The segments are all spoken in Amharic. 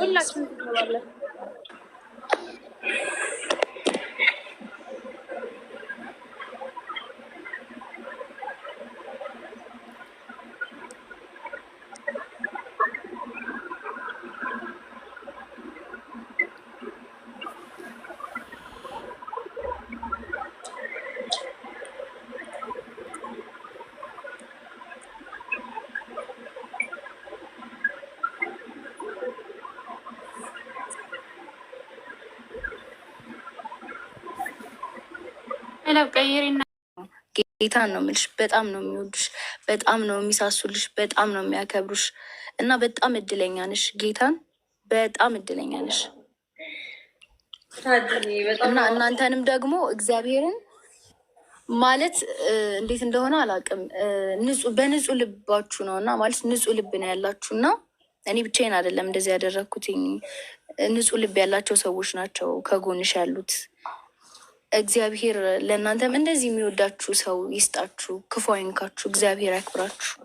ሁላችሁም ትገባለን። ቀለብ ቀይሪና ጌታን ነው የምልሽ። በጣም ነው የሚወዱሽ፣ በጣም ነው የሚሳሱልሽ፣ በጣም ነው የሚያከብሩሽ እና በጣም እድለኛ ነሽ። ጌታን በጣም እድለኛ ነሽ እና እናንተንም ደግሞ እግዚአብሔርን ማለት እንዴት እንደሆነ አላውቅም። በንጹህ ልባችሁ ነው እና ማለት ንጹህ ልብ ነው ያላችሁ እና እኔ ብቻዬን አይደለም እንደዚህ ያደረግኩትኝ። ንጹህ ልብ ያላቸው ሰዎች ናቸው ከጎንሽ ያሉት። እግዚአብሔር ለእናንተም እንደዚህ የሚወዳችሁ ሰው ይስጣችሁ፣ ክፉ አይንካችሁ፣ እግዚአብሔር ያክብራችሁ።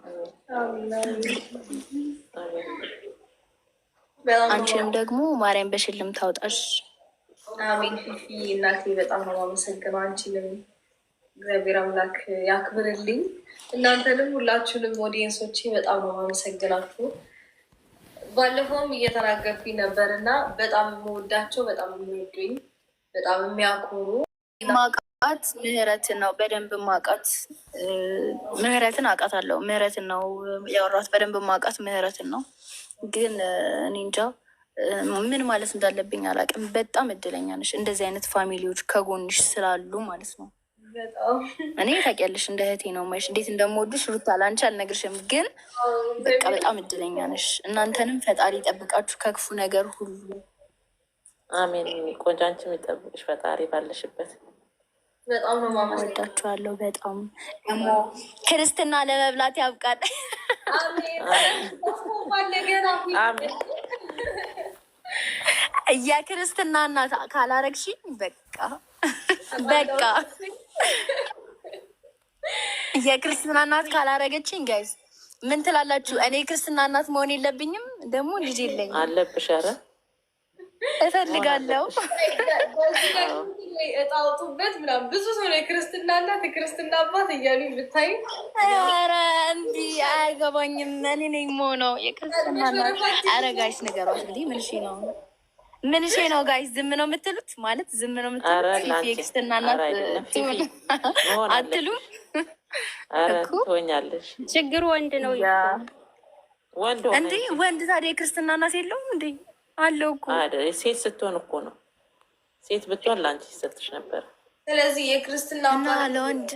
አንቺንም ደግሞ ማርያም በሽልም ታውጣሽ። አሜን። ፊፊ እናቴ በጣም ነው የማመሰግነው። አንቺንም እግዚአብሔር አምላክ ያክብርልኝ። እናንተንም ሁላችሁንም ኦዲየንሶቼ በጣም ነው የማመሰግናችሁ። ባለፈውም እየተናገርኩኝ ነበር እና በጣም የምወዳቸው በጣም የሚወዱኝ በጣም የሚያኮሩ ማቃት ምህረትን ነው። በደንብ ማቃት ምህረትን አቃት አለው ምህረትን ነው ያወራት። በደንብ ማቃት ምህረትን ነው። ግን እኔ እንጃ ምን ማለት እንዳለብኝ አላውቅም። በጣም እድለኛ ነሽ፣ እንደዚህ አይነት ፋሚሊዎች ከጎንሽ ስላሉ ማለት ነው። እኔ ታውቂያለሽ፣ እንደ እህቴ ነው ማሽ እንዴት እንደምወድሽ ሩታ ላንቺ አልነግርሽም። ግን በቃ በጣም እድለኛ ነሽ። እናንተንም ፈጣሪ ይጠብቃችሁ ከክፉ ነገር ሁሉ። አሜን። ቆንጆ አንቺም ይጠብቅሽ ፈጣሪ ባለሽበት በጣም ነው ወዳችኋለሁ። በጣም ደግሞ ክርስትና ለመብላት ያብቃል። የክርስትና እናት ካላረግሽኝ በቃ በቃ የክርስትና እናት ካላረገችኝ ጋይዝ ምን ትላላችሁ? እኔ ክርስትና እናት መሆን የለብኝም? ደግሞ ልጅ የለኝም። አለብሽ። ኧረ እፈልጋለሁ አውጡበት ምናምን ብዙ ሰው ነው የክርስትና እናት የክርስትና አባት እያሉ ብታይ፣ ኧረ እንዲህ አያገባኝም። እኔ ነኝ የምሆነው የክርስትና እናት። ኧረ ጋይስ ንገሯት እንግዲህ ምን ነው ምንሽ ነው ጋይስ፣ ዝም ነው የምትሉት ማለት ዝም ነው የምትሉት የክርስትና እናት አትሉም ትሆኛለሽ። ችግር ወንድ ነው ወንድ እንዴ? ወንድ ታዲያ የክርስትና እናት የለውም እንዴ? አለው እኮ ሴት ስትሆን እኮ ነው ሴት ብትሆን ለአንቺ ይሰጥሽ ነበር። ስለዚህ የክርስትና ለወንድ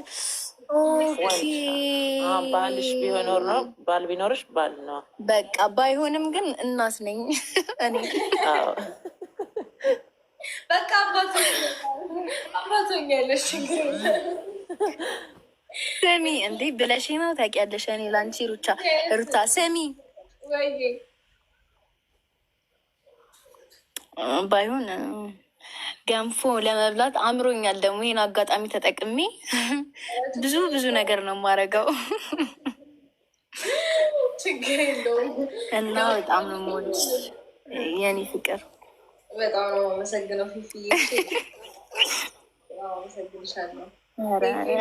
ባልሽ ቢሆኖር ነው ባል ቢኖርሽ ባል ነው በቃ ባይሆንም ግን እናት ነኝ እኔ በቃ አባቶኛለሽ ስሚ እንዴ ብለሽ ነው ታውቂያለሽ። እኔ ላንቺ ሩቻ ሩታ ስሚ ባይሆን ገንፎ ለመብላት አምሮኛል። ደግሞ ይህን አጋጣሚ ተጠቅሜ ብዙ ብዙ ነገር ነው የማደርገው እና በጣም ነው የምወድሽ የኔ ፍቅር። በጣም ነው የማመሰግነው ፊፍዬ።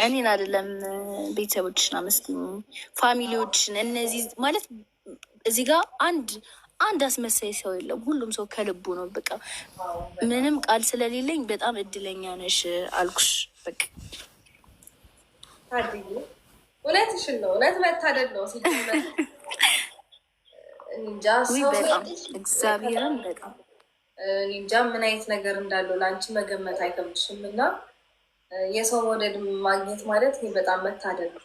እኔን አይደለም ቤተሰቦችን አመስግኝ፣ ፋሚሊዎችን እነዚህ ማለት እዚህ ጋር አንድ አንድ አስመሳይ ሰው የለም። ሁሉም ሰው ከልቡ ነው። በቃ ምንም ቃል ስለሌለኝ በጣም እድለኛ ነሽ አልኩሽ። በቃ እውነትሽን ነው። እውነት መታደል ነው። እግዚአብሔርን በጣም እንጃ ምን አይነት ነገር እንዳለው ለአንቺ መገመት አይከብድሽም። እና የሰው መውደድ ማግኘት ማለት ይህ በጣም መታደል ነው።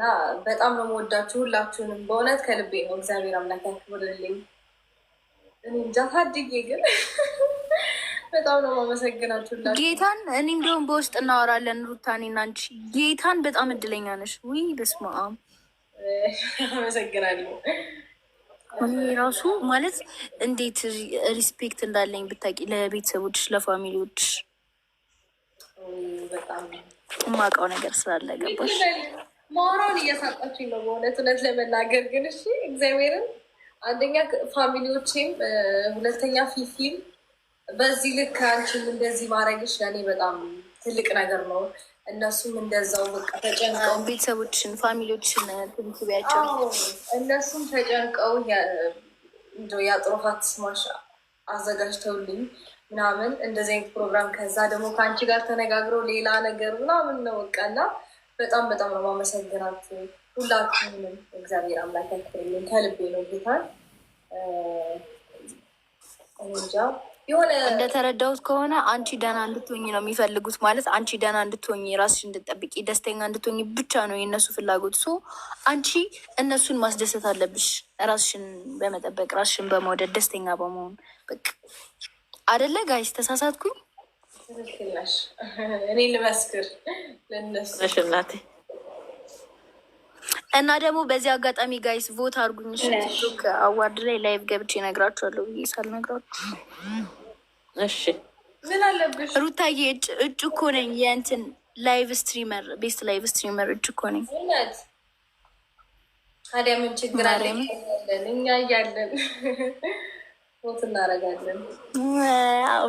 እና በጣም ነው መወዳችሁ ሁላችሁንም በእውነት ከልቤ ነው። እግዚአብሔር አምላክ ያክብርልኝ። እኔ እንጃ ታድጌ ግን በጣም ነው ማመሰግናችሁ ጌታን። እኔ እንደውም በውስጥ እናወራለን ሩታኔ እና አንቺ ጌታን በጣም እድለኛ ነሽ። ውይ በስመ አብ አመሰግናለሁ። እኔ ራሱ ማለት እንዴት ሪስፔክት እንዳለኝ ብታውቂ ለቤተሰቦች፣ ለፋሚሊዎች የማውቀው ነገር ስላለ ገባሽ ማሮን እየሳጣችኝ ነው በእውነት እውነት ለመናገር ግን እሺ፣ እግዚአብሔርን አንደኛ ፋሚሊዎቼም፣ ሁለተኛ ፊፊም በዚህ ልክ አንቺም እንደዚህ ማድረግሽ ለእኔ በጣም ትልቅ ነገር ነው። እነሱም እንደዛው በቃ ተጨንቀው ቤተሰቦችን ፋሚሊዎችን ትንክቢያቸው እነሱም ተጨንቀው እንደው የአጥሮፋት ስማሽ አዘጋጅተውልኝ ምናምን እንደዚህ አይነት ፕሮግራም ከዛ ደግሞ ከአንቺ ጋር ተነጋግረው ሌላ ነገር ምናምን ነው በቃ እና በጣም በጣም ነው ማመሰግናት ሁላችሁንም። እግዚአብሔር አምላክ ያክብርልን ከልቤ ነው ጌታን እንጃ የሆነ እንደተረዳሁት ከሆነ አንቺ ደህና እንድትሆኝ ነው የሚፈልጉት። ማለት አንቺ ደህና እንድትሆኝ፣ ራስሽ እንድጠብቂ፣ ደስተኛ እንድትሆኝ ብቻ ነው የእነሱ ፍላጎት። ሶ አንቺ እነሱን ማስደሰት አለብሽ፣ ራስሽን በመጠበቅ ራስሽን በመውደድ ደስተኛ በመሆን በቃ። አደለ ጋይስ ተሳሳትኩኝ? ልመስክር እናቴ። እና ደግሞ በዚህ አጋጣሚ ጋይስ ቮት አድርጉኝ ቲክቶክ አዋርድ ላይ ላይቭ ገብቼ እነግራችኋለሁ ብዬ ሳልነግራችሁ እሺ። ምን አለብሽ ሩታዬ፣ እጭ እኮ ነኝ የእንትን ላይቭ ስትሪመር፣ ቤስት ላይቭ ስትሪመር እጭ እኮ ነኝ። ታዲያ ምን ችግር አለ? እኛ እያለን ቦት እናደርጋለን።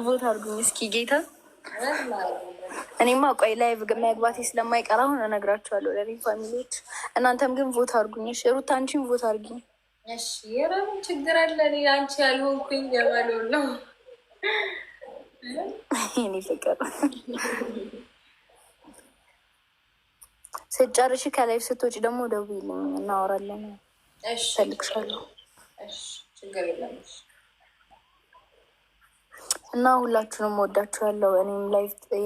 ቦት አድርጉኝ እስኪ ጌታ እኔማ ቆይ ላይቭ መግባቴ ስለማይቀር አሁን እነግራችኋለሁ ለኔ ፋሚሊዎች። እናንተም ግን ቮት አድርጉኝ። እሺ ሩት አንቺም ቮት አድርጊኝ። እሺ የረሙ ችግር አለ እኔ አንቺ ያልሆንኩኝ የባለው ነው ይኔ ፍቅር ስጨርሽ ከላይቭ ስትወጪ ደግሞ ደውዪልኝ እናወራለን። እፈልግሻለሁ። ችግር የለም። እና ሁላችሁንም ወዳችኋለሁ። እኔም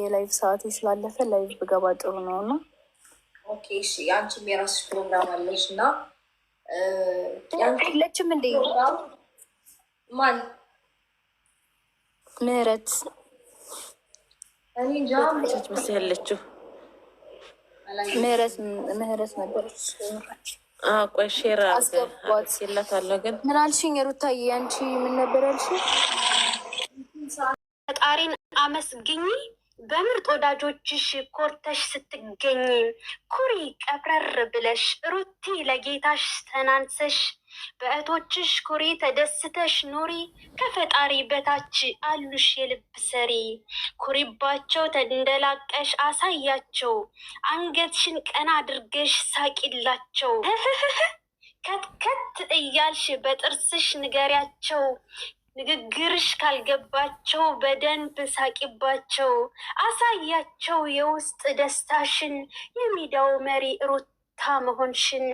የላይቭ ሰዓቴ ስላለፈ ላይቭ ብገባ ጥሩ ነው እና ኦኬ እሺ። አንቺም የራስሽ ፕሮግራም አለሽ እና የለችም እንዴ? ማን ምህረት ምስ ያለችው ምህረት ምህረት ነበረች። ቆይ ሼር አስገባት የላታለሁ። ግን ምን አልሽኝ ሩታዬ? አንቺ ምን ነበር ያልሽኝ? ፈጣሪን አመስግኝ። በምርጥ ወዳጆችሽ ኮርተሽ ስትገኝ ኩሪ ቀብረር ብለሽ ሩቲ ለጌታሽ ተናንሰሽ በእህቶችሽ ኩሪ ተደስተሽ ኑሪ። ከፈጣሪ በታች አሉሽ የልብ ሰሪ። ኩሪባቸው ተንደላቀሽ አሳያቸው። አንገትሽን ቀና አድርገሽ ሳቂላቸው። ከትከት እያልሽ በጥርስሽ ንገሪያቸው። ንግግርሽ ካልገባቸው በደንብ ሳቂባቸው፣ አሳያቸው የውስጥ ደስታሽን፣ የሜዳው መሪ ሩታ መሆንሽን።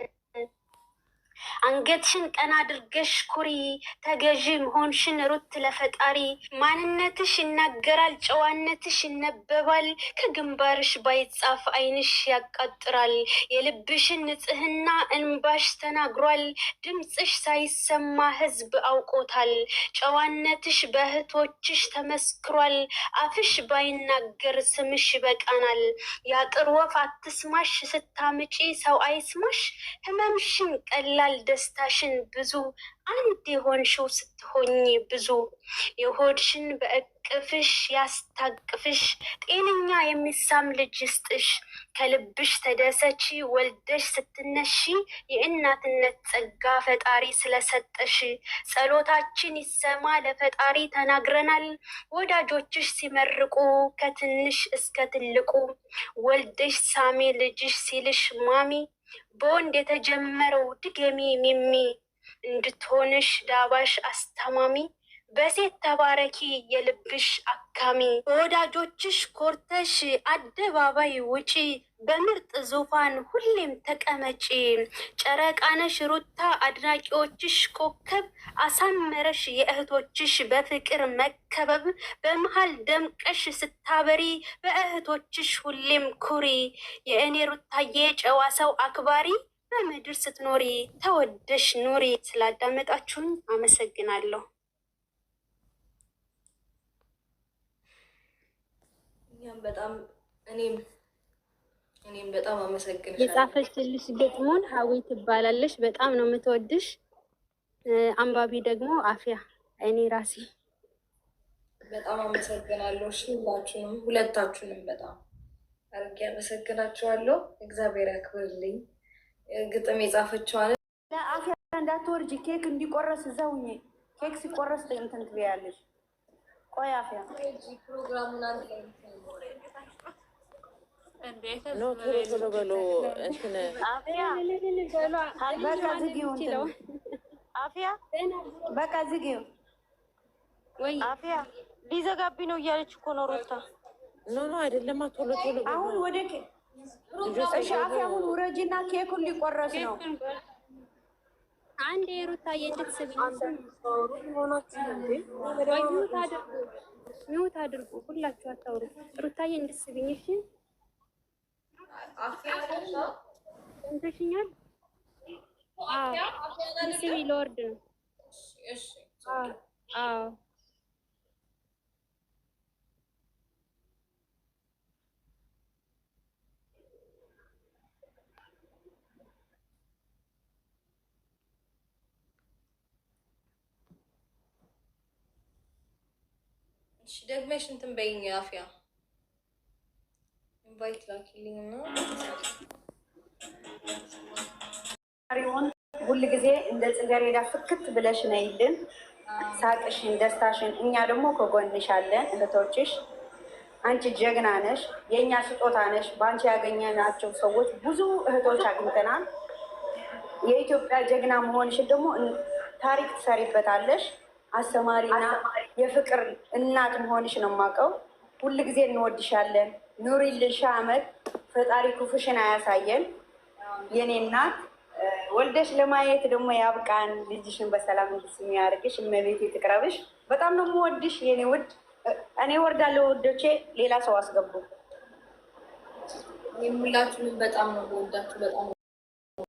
አንገትሽን ቀና አድርገሽ ኩሪ። ተገዢ መሆንሽን ሩት ለፈጣሪ። ማንነትሽ ይናገራል፣ ጨዋነትሽ ይነበባል። ከግንባርሽ ባይጻፍ አይንሽ ያቃጥራል። የልብሽን ንጽህና እንባሽ ተናግሯል። ድምፅሽ ሳይሰማ ሕዝብ አውቆታል። ጨዋነትሽ በእህቶችሽ ተመስክሯል። አፍሽ ባይናገር ስምሽ ይበቃናል። የአጥር ወፍ አትስማሽ፣ ስታምጪ ሰው አይስማሽ። ህመምሽን ቀላል ይሆናል ደስታሽን ብዙ አንድ የሆንሽው ስትሆኝ ብዙ የሆድሽን በእቅፍሽ ያስታቅፍሽ ጤነኛ የሚሳም ልጅ ስጥሽ ከልብሽ ተደሰች ወልደሽ ስትነሺ የእናትነት ጸጋ ፈጣሪ ስለሰጠሽ ጸሎታችን ይሰማ ለፈጣሪ ተናግረናል ወዳጆችሽ ሲመርቁ ከትንሽ እስከ ትልቁ ወልደሽ ሳሜ ልጅሽ ሲልሽ ማሚ በወንድ የተጀመረው ድገሚ ሚሚ እንድትሆንሽ ዳባሽ አስተማሚ በሴት ተባረኪ የልብሽ አካሚ በወዳጆችሽ ኮርተሽ አደባባይ ውጪ በምርጥ ዙፋን ሁሌም ተቀመጪ። ጨረቃነሽ ሩታ አድናቂዎችሽ ኮከብ አሳመረሽ የእህቶችሽ በፍቅር መከበብ በመሃል ደምቀሽ ስታበሪ በእህቶችሽ ሁሌም ኩሪ። የእኔ ሩታዬ ጨዋ ሰው አክባሪ በምድር ስትኖሪ ተወደሽ ኑሪ። ስላዳመጣችሁን አመሰግናለሁ። እኛም በጣም እኔም እኔም በጣም አመሰግንሻለሁ። የጻፈችልሽ ግጥሙን ሀዊ ትባላለች። በጣም ነው የምትወድሽ። አንባቢ ደግሞ አፍያ። እኔ ራሴ በጣም አመሰግናለሁ። እሺ ሁላችሁንም ሁለታችሁንም በጣም አርጌ አመሰግናችኋለሁ። እግዚአብሔር ያክብርልኝ። ግጥም የጻፈችዋል። ለአፍያ እንዳትወርጅ ኬክ እንዲቆረስ እዛው ኬክ ሲቆረስ እንትን ትበያለሽ ቆይ አፍያ በቃ ዝጊው አፍያ በቃ ነው እያለች እኮ ነው ሮታ ኖ ኖ አይደለማ ቶሎ ቶሎ አሁን ወደ አፍያ አሁን ውረጅና ኬኩን ሊቆረስ ነው አንድ የሩታዬ እንድትስብኝ ሚውት አድርጉ። ሁላችሁ አታውሩ። ሩታዬ እንድትስብኝ። እሺ ሰምተሽኛል? ስሚ፣ ለወርድ ነው። አዎ ደግመሽ እንትን በይኝ። አፍያ ኢንቫይት ላኪልኝ ነው። ሁል ጊዜ እንደ ጽጌሬዳ ፍክት ብለሽ ነይልን፣ ሳቅሽን፣ ደስታሽን። እኛ ደግሞ ከጎንሽ አለን እህቶችሽ። አንቺ ጀግና ነሽ፣ የእኛ ስጦታ ነሽ። በአንቺ ያገኘናቸው ሰዎች ብዙ እህቶች አግኝተናል። የኢትዮጵያ ጀግና መሆንሽን ደግሞ ታሪክ ትሰሪበታለሽ። አስተማሪና የፍቅር እናት መሆንሽ ነው የማውቀው። ጊዜ እንወድሻለን። ኑሪልን ሺህ ዓመት ፈጣሪ ክፉሽን አያሳየን የኔ እናት። ወልደሽ ለማየት ደግሞ ያብቃን። ልጅሽን በሰላም እንድትስሚ ያድርግሽ። እመቤት ትቅረብሽ። በጣም ነው የምወድሽ የኔ ውድ። እኔ ወርዳለሁ ውዶቼ፣ ሌላ ሰው አስገቡ። ሁላችሁንም በጣም ነው ወዳችሁ በጣም